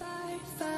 start.